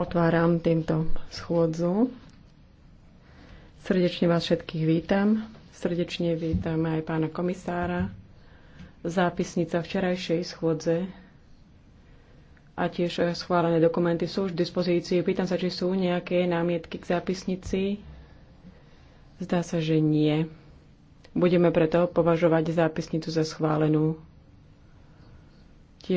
Otváram týmto schôdzu. Srdečne vás všetkých vítam. Srdečne vítam aj pána komisára, zápisnica včerajšej schôdze a tiež schválené dokumenty sú už v dispozícii. Pýtam sa, či sú nejaké námietky k zápisnici. Zdá sa, že nie. Budeme preto považovať zápisnicu za schválenú.